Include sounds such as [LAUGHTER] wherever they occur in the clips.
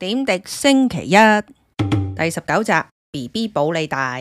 點滴星期一第十九集 B B 保你大。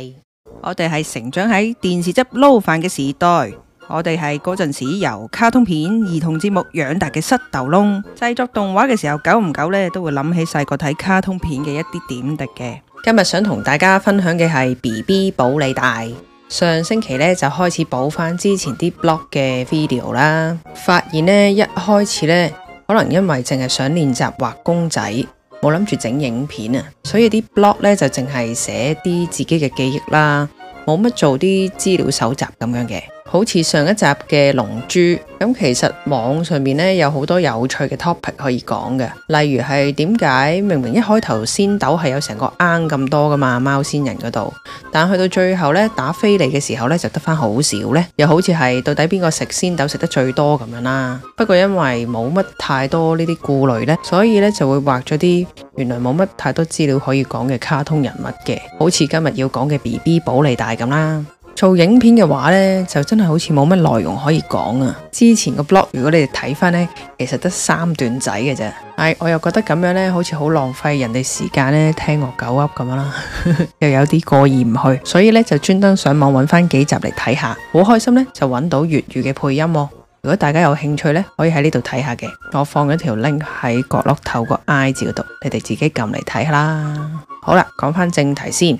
我哋係成長喺電視汁撈飯嘅時代，我哋係嗰陣時由卡通片、兒童節目養大嘅膝頭窿。製作動畫嘅時候，久唔久咧都會諗起細個睇卡通片嘅一啲點滴嘅。今日想同大家分享嘅係 B B 保你大。上星期咧就開始補翻之前啲 blog 嘅 video 啦，發現呢，一開始呢，可能因為淨係想練習畫公仔。冇諗住整影片啊，所以啲 blog 呢就淨係寫啲自己嘅記憶啦，冇乜做啲資料搜集咁樣嘅。好似上一集嘅龍珠咁，其實網上面咧有好多有趣嘅 topic 可以講嘅，例如係點解明明一開頭仙豆係有成個鈪咁多噶嘛，貓仙人嗰度，但去到最後咧打飛你嘅時候咧就得返好少咧，又好似係到底邊個食仙豆食得最多咁樣啦。不過因為冇乜太多呢啲顧慮咧，所以咧就會畫咗啲原來冇乜太多資料可以講嘅卡通人物嘅，好似今日要講嘅 B B 寶利大咁啦。做影片嘅話呢，就真係好似冇乜內容可以講啊！之前個 blog 如果你哋睇翻呢，其實得三段仔嘅啫。唉我又覺得咁樣呢，好似好浪費人哋時間呢，聽我狗噏咁樣啦， [LAUGHS] 又有啲過意唔去，所以呢，就專登上網搵翻幾集嚟睇下，好開心呢就搵到粵語嘅配音哦！如果大家有興趣呢，可以喺呢度睇下嘅，我放咗條 link 喺角落頭個 I 字嗰度，你哋自己撳嚟睇下啦。好啦，講翻正題先。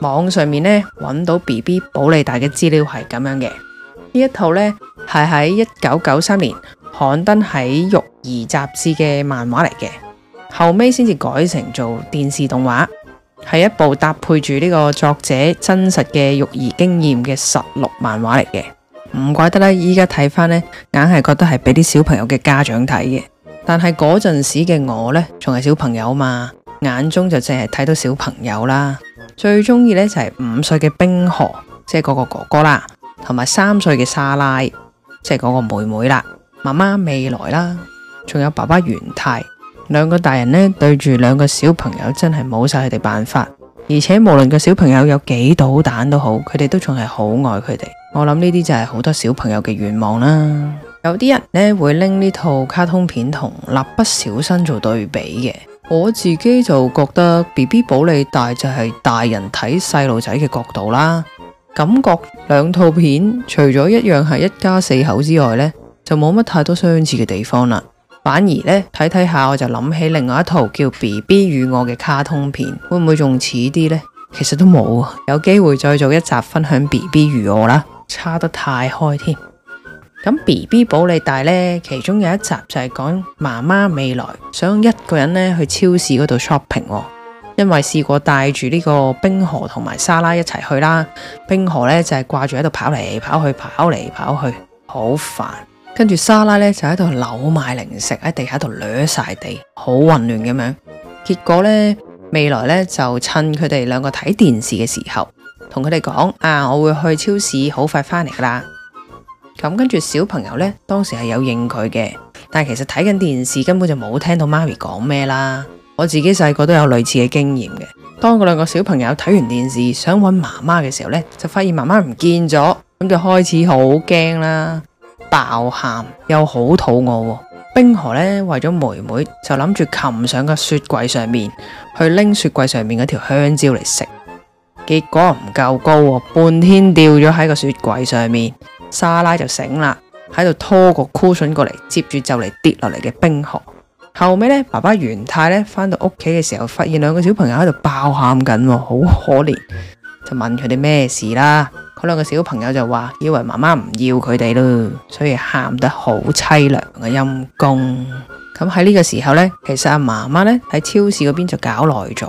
網上面咧揾到 B.B. 保利大嘅資料係咁樣嘅呢，一套呢，係喺一九九三年刊登喺《育兒雜誌》嘅漫畫嚟嘅，後尾先至改成做電視動畫，係一部搭配住呢個作者真實嘅育兒經驗嘅實錄漫畫嚟嘅，唔怪得啦。依家睇翻呢，硬係覺得係俾啲小朋友嘅家長睇嘅，但係嗰陣時嘅我呢，仲係小朋友嘛，眼中就淨係睇到小朋友啦。最中意呢就係五歲嘅冰河，即係嗰個哥哥啦，同埋三歲嘅沙拉，即係嗰個妹妹啦。媽媽未來啦，仲有爸爸元太，兩個大人呢對住兩個小朋友真係冇晒佢哋辦法。而且無論個小朋友有幾搗蛋都好，佢哋都仲係好愛佢哋。我諗呢啲就係好多小朋友嘅願望啦。有啲人呢會拎呢套卡通片同蠟筆小新做對比嘅。我自己就覺得 B B 保利大就係大人睇細路仔嘅角度啦，感覺兩套片除咗一樣係一家四口之外呢，就冇乜太多相似嘅地方啦。反而呢，睇睇下，我就諗起另外一套叫 B B 與我嘅卡通片，會唔會仲似啲呢？其實都冇啊，有機會再做一集分享 B B 與我啦，差得太開添。咁 B B 寶你大呢，其中有一集就係講媽媽未來想一個人呢去超市嗰度 shopping，、哦、因為試過帶住呢個冰河同埋沙拉一齊去啦，冰河呢就係、是、掛住喺度跑嚟跑去跑嚟跑、跑、跑去，好煩，跟住沙拉呢就喺度扭埋零食喺地下度掠晒地，好混亂咁樣。結果呢，未來呢就趁佢哋兩個睇電視嘅時候，同佢哋講啊，我會去超市，好快返嚟噶啦。咁跟住小朋友呢，當時係有應佢嘅，但係其實睇緊電視根本就冇聽到媽咪講咩啦。我自己細個都有類似嘅經驗嘅。當嗰兩個小朋友睇完電視想揾媽媽嘅時候呢，就發現媽媽唔見咗，咁就開始好驚啦，爆喊又好肚餓喎。冰河呢，為咗妹妹就諗住擒上個雪櫃上面去拎雪櫃上面嗰條香蕉嚟食，結果唔夠高，半天吊咗喺個雪櫃上面。沙拉就醒啦，喺度拖個箍 u s 過嚟，接住就嚟跌落嚟嘅冰河。後尾呢，爸爸元太呢翻到屋企嘅時候，發現兩個小朋友喺度爆喊緊，好可憐，就問佢哋咩事啦。佢兩個小朋友就話，以為媽媽唔要佢哋咯，所以喊得好淒涼，陰公。咁喺呢個時候呢，其實阿媽媽呢喺超市嗰邊就搞耐咗，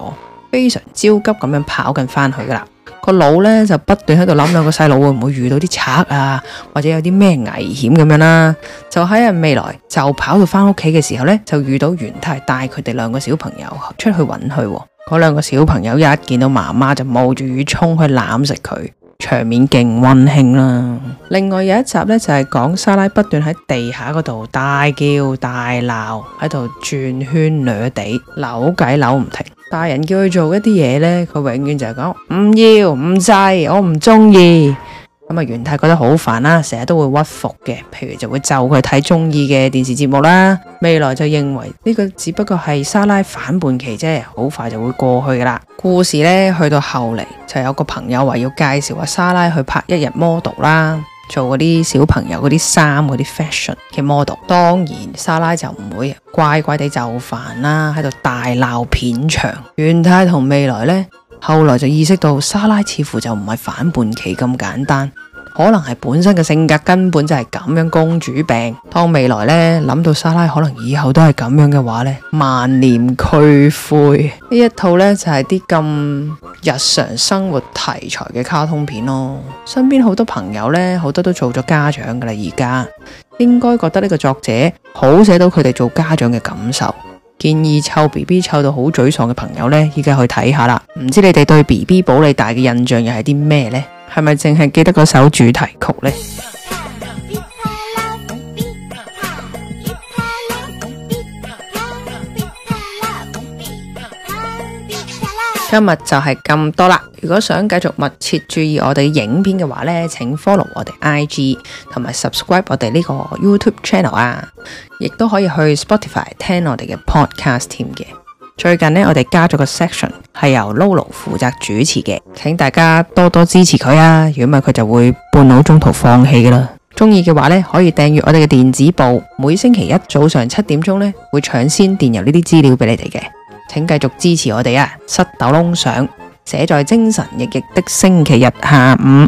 非常焦急咁樣跑緊翻去噶啦。個腦咧就不斷喺度諗，兩個細路會唔會遇到啲賊啊，或者有啲咩危險咁樣啦、啊？就喺未來就跑到返屋企嘅時候咧，就遇到元太帶佢哋兩個小朋友出去揾佢、啊。嗰兩個小朋友一,一見到媽媽就冒住雨衝去攬食佢，場面勁温馨啦、啊。另外有一集咧就係講莎拉不斷喺地下嗰度大叫大鬧，喺度轉圈掠地扭計扭唔停。大人叫佢做一啲嘢呢，佢永遠就係講唔要唔制，我唔中意。咁啊，元太覺得好煩啦，成日都會屈服嘅，譬如就會就佢睇中意嘅電視節目啦。未來就認為呢個只不過係莎拉反叛期啫，好快就會過去噶啦。故事呢，去到後嚟，就有個朋友話要介紹阿莎拉去拍一日 model 啦。做嗰啲小朋友嗰啲衫嗰啲 fashion 嘅 model，當然莎拉就唔會乖乖地就範啦，喺度大鬧片場。袁太同未來呢，後來就意識到莎拉似乎就唔係反叛期咁簡單。可能係本身嘅性格根本就係咁樣公主病，當未來呢，諗到莎拉可能以後都係咁樣嘅話呢，萬念俱灰。呢一套呢，就係啲咁日常生活題材嘅卡通片咯。身邊好多朋友呢，好多都做咗家長噶啦，而家應該覺得呢個作者好寫到佢哋做家長嘅感受。建議湊 BB 湊到好沮喪嘅朋友呢，依家去睇下啦。唔知你哋對 BB 保利大嘅印象又係啲咩呢？係咪淨係記得嗰首主題曲呢？今日就係咁多啦。如果想繼續密切注意我哋影片嘅話呢，請 follow 我哋 IG 同埋 subscribe 我哋呢個 YouTube channel 啊，亦都可以去 Spotify 聽我哋嘅 podcast 添嘅。最近呢，我哋加咗個 section，係由 Lulu 負責主持嘅，請大家多多支持佢啊！如果唔係，佢就會半路中途放棄嘅啦。中意嘅話呢，可以訂閱我哋嘅電子報，每星期一早上七點鐘呢，會搶先電郵呢啲資料俾你哋嘅，請繼續支持我哋啊！塞豆窿上寫在精神奕奕的星期日下午。